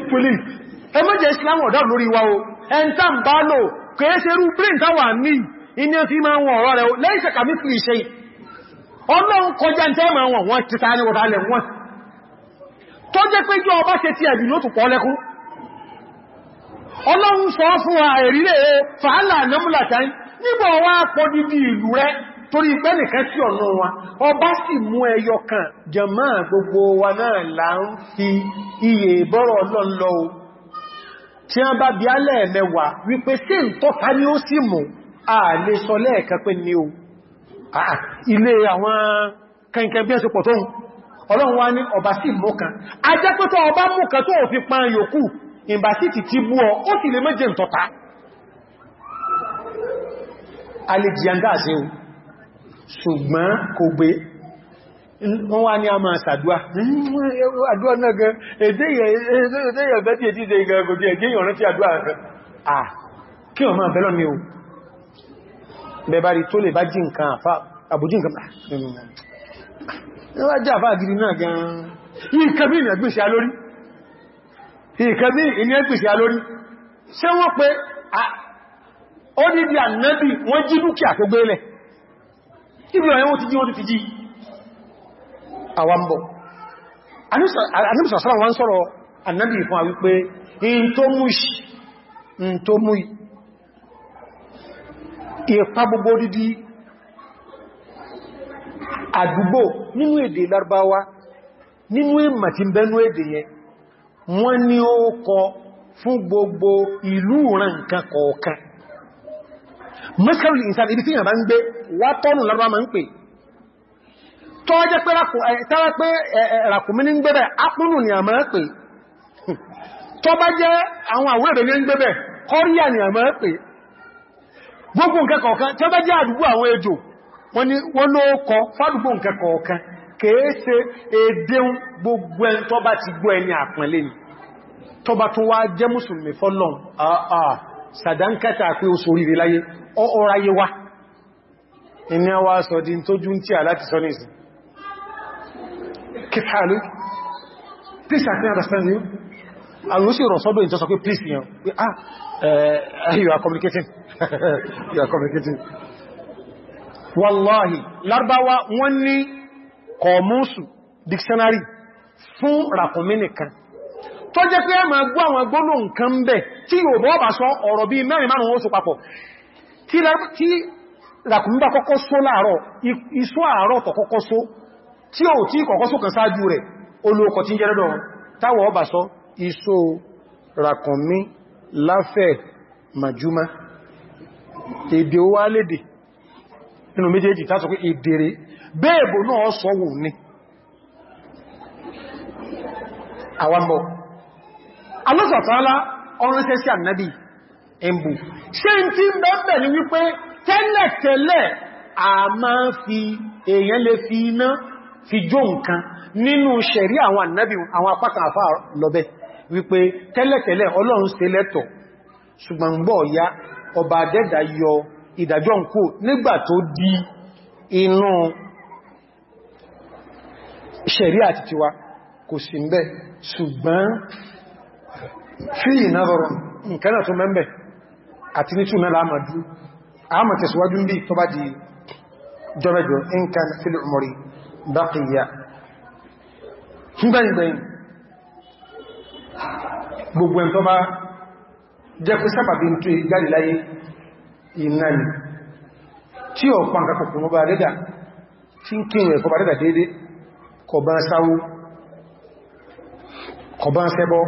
olóòdó ẹmọ́jẹ̀ islam ọ̀dọ́ lórí wa o ẹntà ń bá lò kèése rú brain táwà ní iní fi ma wọn ọ̀rọ̀ rẹ̀ lẹ́ìsẹ̀ kàmí fi iṣẹ́ ọlọ́run kọjá ń tẹ́mà wọn wọ́n ti ta ní wọ́n dalẹ̀ wọn tó jẹ́ ọba ṣe ti ẹ̀bì ló tù rẹ ọba iye ìbọ́rọ̀ ọlọ́lọ́wọ́ tí wọ́n bá bí alẹ́ mẹ́wà wípé sí ń tọ́ta ní ó sì mú a lè sọ lẹ́ẹ̀kan pé ní o ilé àwọn kẹ́kẹ́ bí ẹ̀sùpọ̀ tóhun ọlọ́run wá ní ọba sí mú kan a jẹ́ pé tó ọba mú kan tó òfin pa yòókù ìbá wọ́n wá ní a máa sàdúwà àdúwà náà gan èdè èyàn bẹ́ tí èdè ìdè ìgbẹ̀ kò jẹ́ èyàn rántí àdúwà rẹ̀ à kí wọ́n máa bẹ́lọ́ ní o bẹ̀bárí tó lè bá jí nǹkan àfá àbójí nǹkan bá jẹ́ àfá àgìrì náà gan ìkẹ́bí ìrìnàgbèsè alórí ìkẹ́bí ìrìnàgbèsè alórí ṣé wọ́n pé ó ní di ànábì wọ́n jí dúkìá tó gbélẹ̀ ibi ọ̀yẹ́ wọ́n ti jí wọ́n ti jí àwọn bọ̀. anúbìsọ̀sọ́rọ̀ wọ́n sọ́rọ̀ annabi fún a wípé in tó mú in tó mú ìpa gbogbo dídí àdúgbò nínú èdè larbawa nínú ìmà tí èdè wọ́n kọ fún gbogbo ìlú ran kọ̀ọ̀kan mọ́sílẹ̀ ìsànà ibi tí ìyàn ń gbé wátọ́nù Lárúbáwá ma ń pè tó jẹ́ pé tẹ́rẹ pé ràkùnmí ní gbẹ́bẹ̀ ápùnù ni àmọ́ pé tó bá jẹ́ àwọn àwẹ́rẹ̀ ní gbẹ́bẹ̀ kọ́ríyà ni àmọ́ pé gbogbo nkẹ́kọ̀ọ̀kan tó bá jẹ́ àdúgbò àwọn ejò wọ́n ló kọ fádùgbò nkẹ́kọ̀ọ̀kan kèése èdèun gbogbo ẹn tó bá ti gbọ́ ẹni àpọ̀nlé ni tó bá tó wá jẹ́ mùsùlùmí fọ́lọ́n ìní àwọn asọ̀dín tó jú ń tí à láti sọ ní ìsìn Keep حالك please I can understand you and you see Rosodo in just a okay please you know ah uh, *laughs* you are communicating *laughs* you are communicating wallahi larbawa wọ́n ní kọmúsù dictionary fún ràkùnmínìkan tó jẹ́ pé a máa gbọ́ àwọn gbónà nǹkan bẹ̀ tí yóò bọ́ bá sọ ọ̀rọ̀ bí mẹ́rin márùn-ún ó so papọ̀ tí ràkùnmí bá kọ́kọ́ só láàárọ̀ ìsó àárọ̀ tọ̀ só tí ó tí kọ̀kọ́ sókàn sáájú rẹ̀ olóòkọ̀ tí ń jẹ́rẹ́dọ̀ wọn ọba sọ iso ràkànmí láfẹ́ màjúmá èdè wá lédè nínú méjèèjì sọ pé èdèrè bẹ́ẹ̀bò náà sọ ní àwambọ̀ alọ́sàtàlá ànábì ẹ̀mbù ṣe tí bẹ́ẹ̀bẹ̀ wípé tẹ́lẹ̀tẹ́lẹ̀ fi jó nǹkan nínú ṣẹ̀rí àwọn ànábì àwọn apákan àfá lọ́bẹ̀ wípé tẹ́lẹ̀tẹ́lẹ̀ ọlọ́run ṣe lẹ́tọ̀ ṣùgbọ́n ya ọba yọ ìdájọ́ ǹkó nígbà tó di inú ṣẹ̀rí àti kò sí mbẹ̀ ṣùgbọ́n fíì náàrọ̀ nǹkan náà tó àti àmà di bákìyà ṣúgbẹ́gbẹ̀yìn gbogbo ẹ̀ntọ́ bá jẹ́ pé sábàbí tó ìgbàlì láyé ìnáni tí ó pa nǹkan kòkòrò bá rẹ́dà tí ń kí ẹ̀kọ́ bá rẹ́dà dédé kọ̀bá sáwó kọ̀bá sẹ́bọ́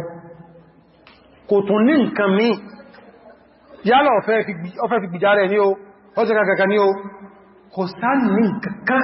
kò tún ní nǹkan mí yálà ọ̀fẹ́ fi gbìjá rẹ̀ ní o ọjọ́ kankan ní o kò sáà ní nǹkan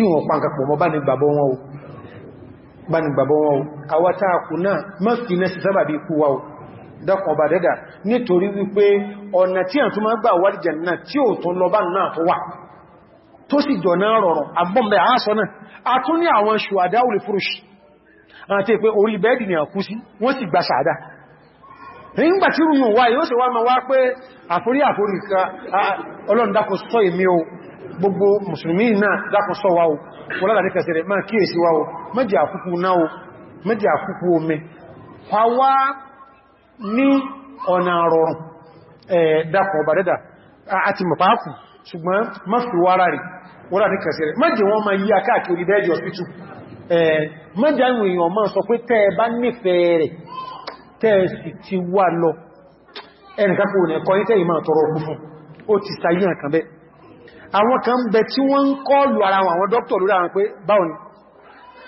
tí wọ́n pàǹkàpọ̀ mọ́ bá ní gbàbọ́ wọn o bá ní gbàbọ́ wọn o àwátá àkù náà mọ́ sí iná sí sábà bí ikú wa o dákọ̀ ọba dẹ́dà nítorí wípé ọ̀nà tí àtún máa gbà wádìí jẹ̀ náà tí ò tún lọ bá náà tó wà tó sì jọ náà rọrùn àbọ́m̀bẹ̀ àásọ náà a tún ní àwọn ṣùwàdá olè fúrùṣì àti pé orí bẹ́ẹ̀dì ni àkú sí wọ́n sì gbà sàádá nígbà tí rúnmù wáyé ó sì wá ma wá pé àforí àforí ọlọ́ndakọ̀ sọ èmi o gbogbo musulmi náà dákùn sọ wáwó wọ́lára ní kẹsẹ̀rẹ̀ máa kíyèsí wáwó mẹ́jì àkúkú náwó mẹ́jì àkúkú omi pàwá ní ọ̀nà rọrùn dákùn ọ̀bàdẹ́dà àti mọ̀páàkù ṣùgbọ́n mọ́fì rí wọ́lára ti wà lọ ẹnìkan ti àwọn kan ń bẹ tí wọ́n ń kọlù ara wọn àwọn dókítà lórí àwọn pé báwọn ni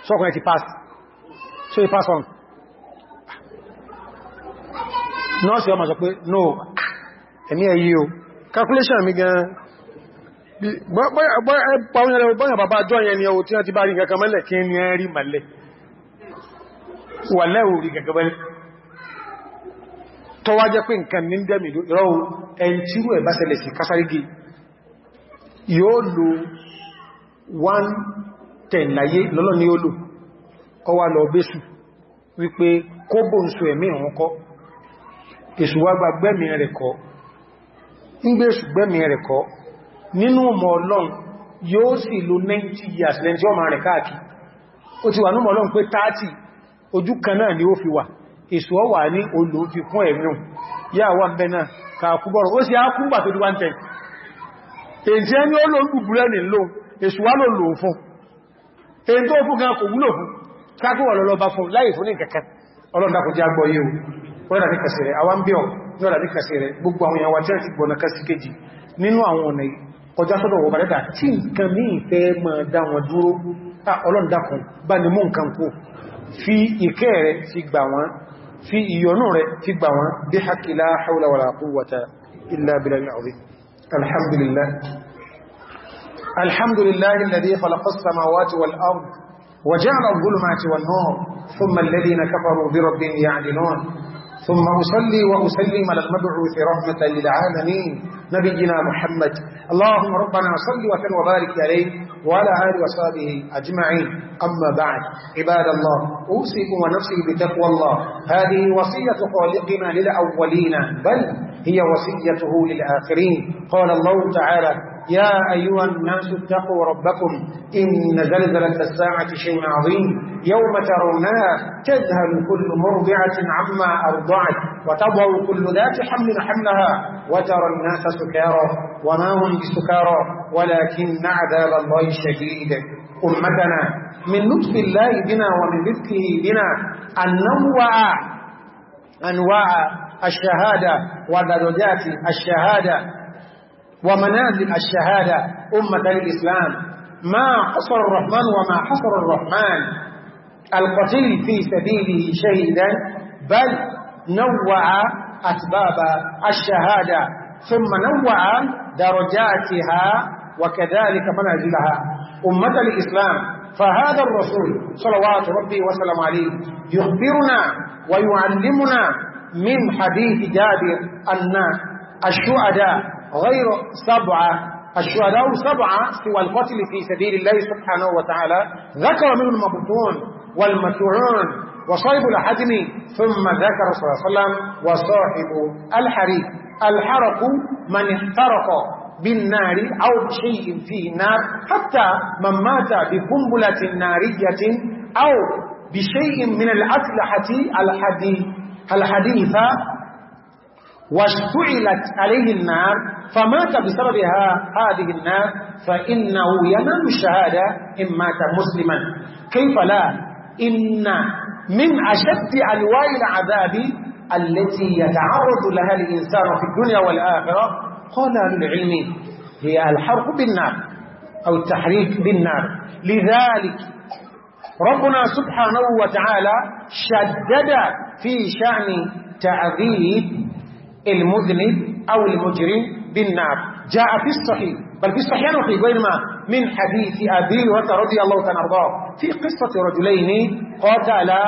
ṣọ́kùn ẹ̀ ti pass so you pass on nọ́ọ̀sì ọmọ sọ pé no ẹ̀mí ẹ̀yí o calculation mi gan bọ́yàn bàbá jọ yẹn ni o tí wọ́n ti bá rí gẹ́gẹ́ mẹ́lẹ̀ kí ní ẹ rí mẹ́lẹ̀ wà lẹ́wò rí gẹ́gẹ́ mẹ́lẹ̀ tọ́wá jẹ́ pé nǹkan ní dẹ́mì ìrọ̀ ẹn tí rú ẹ̀ bá ṣẹlẹ̀ sí kásárígì yóò lò 110 láyé lọ́lọ́ ni yóò lò ọwà lọ bésù wípé kó bó ń so ẹ̀mí ìrún kọ́ rẹ̀ kọ́ ń gbé gbẹ́mì rẹ̀ kọ́ nínú ọmọ yóò sì lò 90 years lẹ́n tí ó máa rẹ̀ káàkì ó ti wà ní ọmọ pé 30 ojú kan náà ni ó fi wà ọwà ní ẹ̀mí yà wà ń bẹ́ náà ó sì 110 èjì ẹni ó lóòrùn gbùgbùrẹ́ ní lóòrùn èṣùwá ló lòó fún èyí tó fún gan kò wúlò fún kákó ọ̀lọ́lọ́bá fún láì fún ní kẹ̀kẹ́ ọlọ́dàkùnjẹ́ agbọ̀ yíò wọ́n ní kẹsì rẹ̀ àwọn bí ọ̀n ní kẹsì rẹ̀ gbogbo àwọn ìyàwó àti ìgbọ̀nà kẹsì kejì nínú àwọn ọ̀nà kọjá sọ́dọ̀ wọ̀ bàdẹ́dà tí nǹkan míì fẹ́ máa dá wọn dúró ah, الحمد لله الحمد لله الذي خلق السماوات والأرض وجعل الظلمات والنور ثم الذين كفروا بربهم يعدلون ثم أصلي وأسلم على المبعوث رحمة للعالمين نبينا محمد اللهم ربنا صل وسلم وبارك عليه وعلى آله وصحبه أجمعين أما بعد عباد الله أوصيكم ونفسي بتقوى الله هذه وصية خالقنا للأولين بل هي وصيته للآخرين قال الله تعالى يا أيها الناس اتقوا ربكم إن زلزلة الساعة شيء عظيم يوم ترونها تذهل كل مرضعة عما أرضعت وتضع كل ذات حمل حملها وترى الناس سكارى وما هم بسكارى ولكن عذاب الله شديد أمتنا من لطف الله بنا ومن لطفه بنا أن نوع أنواع الشهادة ودرجات الشهادة ومنازل الشهادة أمة الإسلام ما حصر الرحمن وما حصر الرحمن القتيل في سبيله شهيدا بل نوع أسباب الشهادة ثم نوع درجاتها وكذلك منازلها أمة الإسلام فهذا الرسول صلوات ربي وسلم عليه يخبرنا ويعلمنا من حديث جابر أن الشهداء غير سبعة الشهداء سبعة سوى القتل في سبيل الله سبحانه وتعالى ذكر منه المبطون والمتعون وصاحب الحجم ثم ذكر صلى الله عليه وسلم وصاحب الحريق الحرق من احترق بالنار أو بشيء فيه النار حتى من مات بقنبلة نارية أو بشيء من الأسلحة الحديثة واشتعلت عليه النار فمات بسبب هذه النار فإنه ينال الشهادة إن مات مسلما كيف لا إن من أشد أنواع العذاب التي يتعرض لها الإنسان في الدنيا والآخرة قال العلم هي الحرق بالنار أو التحريك بالنار لذلك ربنا سبحانه وتعالى شدد في شأن تعذيب المذنب أو المجرم بالنار جاء في الصحيح بل في الصحيح وفي غير ما من حديث أبي هريرة رضي الله عنه أرضاه في قصة رجلين قتلا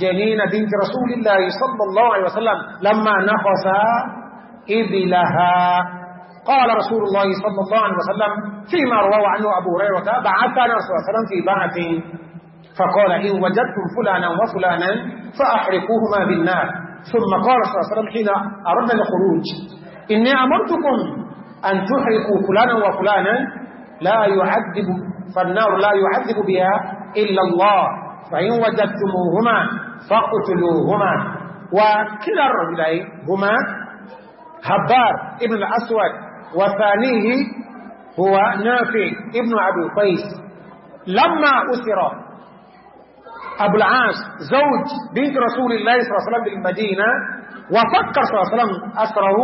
جنين بنت رسول الله صلى الله عليه وسلم لما نقص إبلها قال رسول الله صلى الله عليه وسلم فيما رواه عنه أبو هريرة بعثنا صلى الله عليه وسلم في بعث فقال إن وجدتم فلانا وفلانا فأحرقوهما بالنار ثم قال صلى الله عليه وسلم حين أردنا الخروج إني أمرتكم أن تحرقوا فلانا وفلانا لا يعذب فالنار لا يعذب بها إلا الله فإن وجدتموهما فاقتلوهما وكلا الرجلين هما هبار ابن الأسود وثانيه هو نافع ابن أبي قيس لما أسر أبو العاص زوج بنت رسول الله صلى الله عليه وسلم بالمدينة وفكر صلى الله عليه وسلم أسره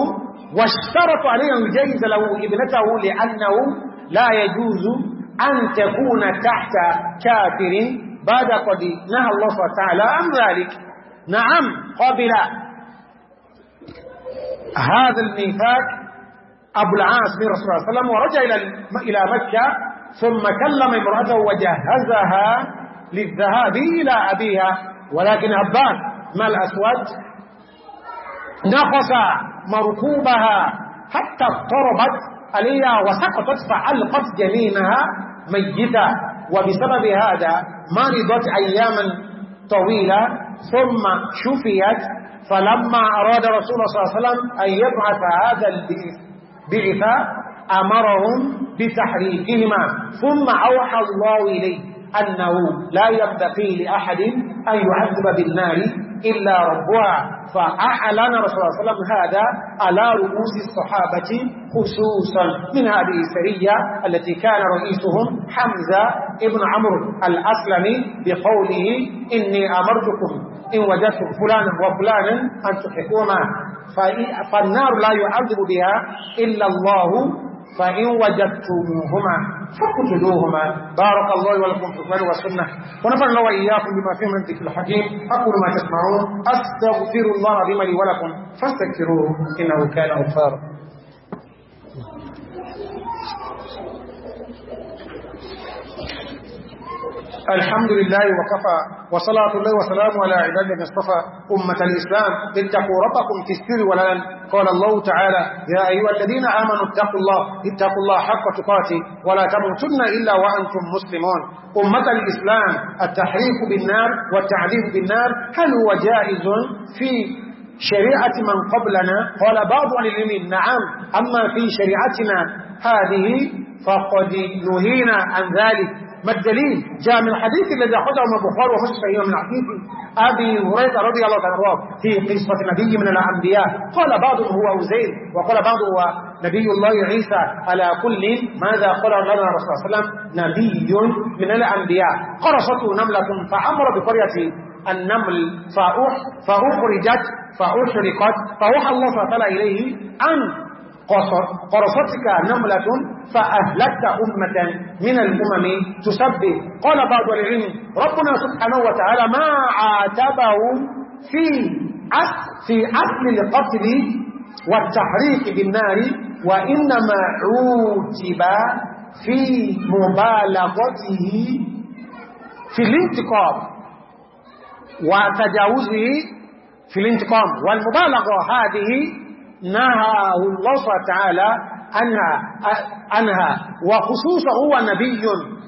واشترط عليه الجيز له ابنته لأنه لا يجوز أن تكون تحت كافر بعد قد نهى الله سبحانه وتعالى عن ذلك نعم قبل هذا الميثاق أبو العاص من رسول الله صلى الله عليه وسلم ورجع إلى مكة ثم كلم امرأته وجهزها للذهاب إلى أبيها ولكن هبان ما الأسود نقص مركوبها حتى اضطربت عليها وسقطت فعلقت جنينها ميتا وبسبب هذا مرضت أياما طويلة ثم شفيت فلما أراد رسول الله صلى الله عليه وسلم أن يبعث هذا البعث أمرهم بتحريكهما ثم أوحى الله إليه أنه لا يبتقي لأحد أن يعذب بالنار إلا ربها فأعلن رسول الله صلى الله عليه وسلم هذا على رؤوس الصحابة خصوصا من هذه السرية التي كان رئيسهم حمزة ابن عمرو الأسلمي بقوله إني أمرتكم إن وجدتم فلانا وفلانا أن تحكوما فالنار لا يعذب بها إلا الله فإن وجدتموهما فاقتلوهما بارك الله ولكم في القرآن والسنة ونفعل الله وإياكم بما فيه من ذكر الحكيم أقول ما تسمعون أستغفر الله لي ولكم فاستغفروه إنه كان غفارا الحمد لله وكفى وصلاة الله وسلام على عباد المصطفى أمة الإسلام اتقوا ربكم في السر والألم قال الله تعالى يا أيها الذين آمنوا اتقوا الله اتقوا الله حق تقاته ولا تموتن إلا وأنتم مسلمون أمة الإسلام التحريف بالنار والتعذيب بالنار هل هو جائز في شريعة من قبلنا قال بعض العلمين نعم أما في شريعتنا هذه فقد نهينا عن ذلك ما الدليل جاء من الحديث الذي أخرجه من البخاري ومسلم من الحديث أبي هريرة رضي الله عنه في قصة نبي من الأنبياء قال بعض هو أوزيل وقال بعض هو نبي الله عيسى على كل ماذا قال لنا رسول الله صلى الله عليه وسلم نبي من الأنبياء قرصته نملة فأمر بقرية النمل فأخرجت فأحرقت فأوحى الله تعالى إليه أن قرصتك نملة فأهلكت أمة من الأمم تسبه قال بعض العلم ربنا سبحانه وتعالى ما عاتبه في أصل, في أصل القتل والتحريك بالنار وإنما عوتب في مبالغته في الانتقام وتجاوزه في الانتقام والمبالغة هذه نهاه الله تعالى عنها, عنها وخصوصا هو نبي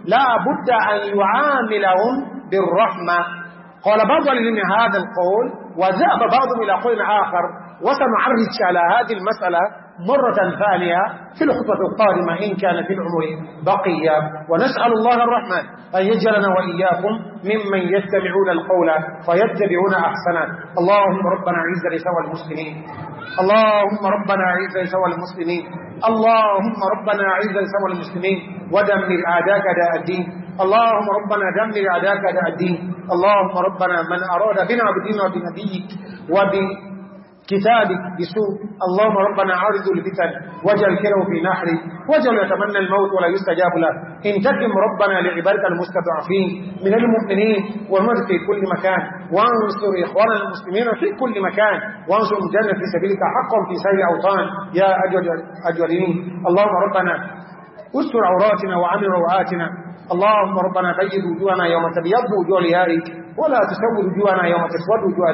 لا بد أن يعاملهم بالرحمة قال بعض العلم هذا القول وذهب بعضهم إلى قول آخر وسنعرج على هذه المسألة مرة ثانية في الخطبة القادمة إن كان في العمر بقية ونسأل الله الرحمن أن يجعلنا وإياكم ممن يتبعون القول فيتبعون أحسنه اللهم ربنا عز لسوى المسلمين اللهم ربنا عز لسوى المسلمين اللهم ربنا عز لسوى المسلمين ودمر أعداك داء الدين اللهم ربنا دمر أعداك داء الدين اللهم ربنا من أراد بنا بدين وبنبيك وب كتابك بسوء اللهم ربنا عارض الفتن وجل كره في نحري وجل يتمنى الموت ولا يستجاب له انتقم ربنا لعبادك المستضعفين من المؤمنين ومر في كل مكان وانصر إخواننا المسلمين في كل مكان وانصر مجنة في سبيلك حقا في سير أوطان يا أجولين اللهم ربنا استر عوراتنا وعمل روعاتنا اللهم ربنا بيض وجوهنا يوم تبيض وجوه ليارك ولا تسود وجوهنا يوم تسود وجوه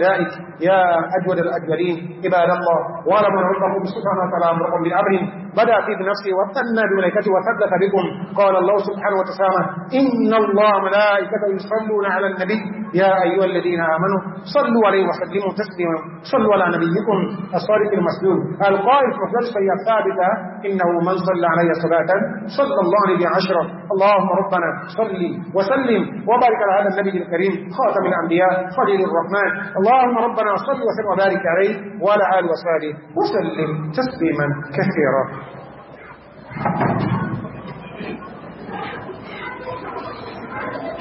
يا أجود الأجودين عباد الله وعلم أن ربكم فلا أمركم بأمر بدأ فيه بنفسه وثنى بملائكته وثبت بكم قال الله سبحانه وتعالى إن الله ملائكته يصلون على النبي يا أيها الذين آمنوا صلوا عليه وسلموا تسليما صلوا على نبيكم الصالح المسلوم القائل في مخلص الثابتة إنه من صلى علي صلاة صلى الله عليه عشرة اللهم ربنا صلي وسلم وبارك على هذا النبي الكريم قال خاتم الأنبياء خليل الرحمن اللهم ربنا صل وسلم وبارك عليه وعلى آله وصحبه وسلم تسليما كثيرا